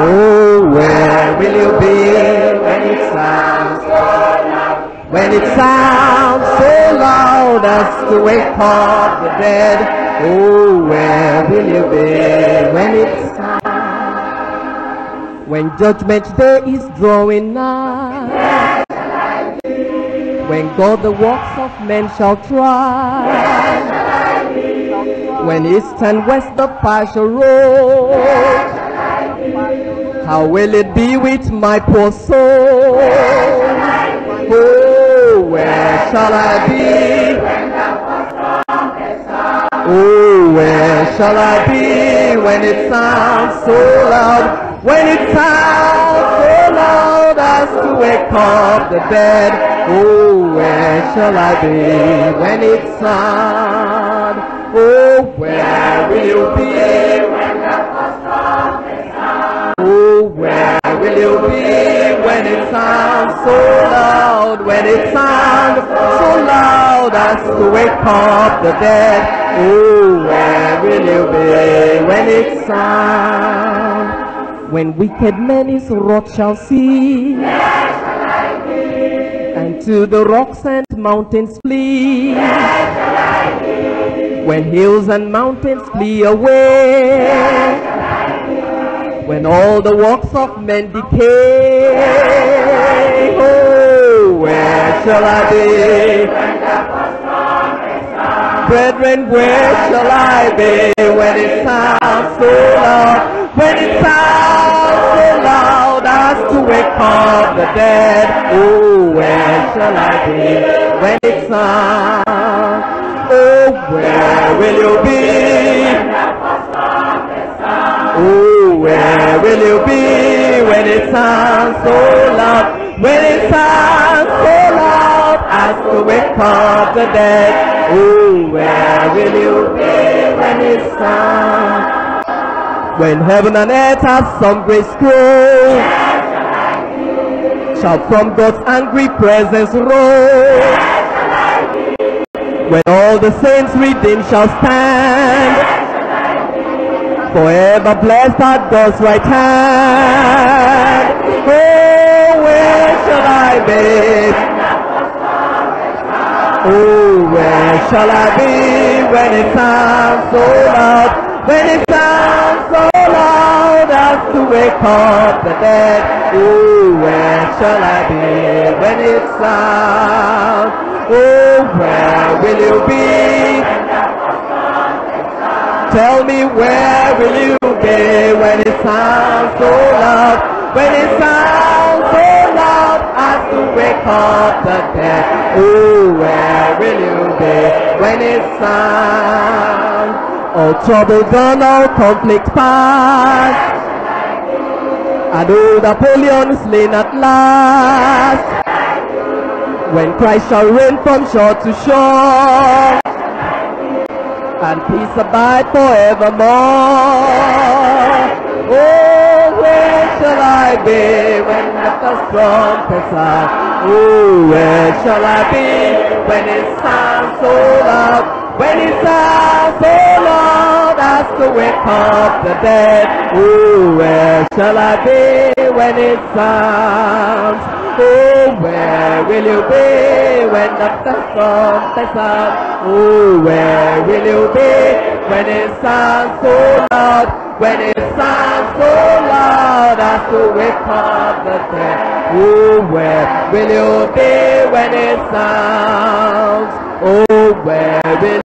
Oh, where will you be when it sounds so loud? When it sounds so loud as to wake up the dead. Oh, where will you be when it sounds? When judgment day is drawing nigh. When God the works of men shall try. When east and west the fire shall roll how will it be with my poor soul? Oh, where shall I be? Oh, where shall I be when it sounds so loud? When it sounds so loud as to wake up the dead. Oh, where shall I be when it sounds? Oh, where will you be? loud when it sounds so loud as to wake up the dead. Oh, where will you be when it sounds? When wicked men is wrath shall see, and to the rocks and mountains flee. When hills and mountains flee away, when all the works of men decay shall I be? Brethren, where shall I be when it sounds so loud? When it sounds so loud as to wake up the dead. Oh, where shall I be when it sounds? Oh, where will you be? Oh, where will you be when it sounds so loud? When it sounds to will wake up the dead. Oh, where will you be when it's time? When heaven and earth have some great scroll, shall from God's angry presence roll. When all the saints redeemed shall stand forever blessed at God's right hand. Oh, where shall I be? Oh, where shall I be when it sounds so loud? When it sounds so loud as to wake up the dead. Oh, where shall I be when it sounds? Oh, where will you be? Tell me where will you be when it sounds so loud? When it sounds wake the dead. Oh, where will you be when it's time? All trouble gone, all conflict past. And all Napoleon slain at last. When Christ shall reign from shore to shore. And peace abide forevermore. Oh, where shall I be when the first trumpets sound? Ooh, where shall I be when it sounds so loud? When it sounds, oh Lord, as to wake up the dead, oh, where shall I be when it sounds? Oh, where will you be when the phantom sets up? Oh, where will you be when it sounds so loud? When it sounds so loud as to wake up the dead? Oh, where will you be when it sounds? Oh, where will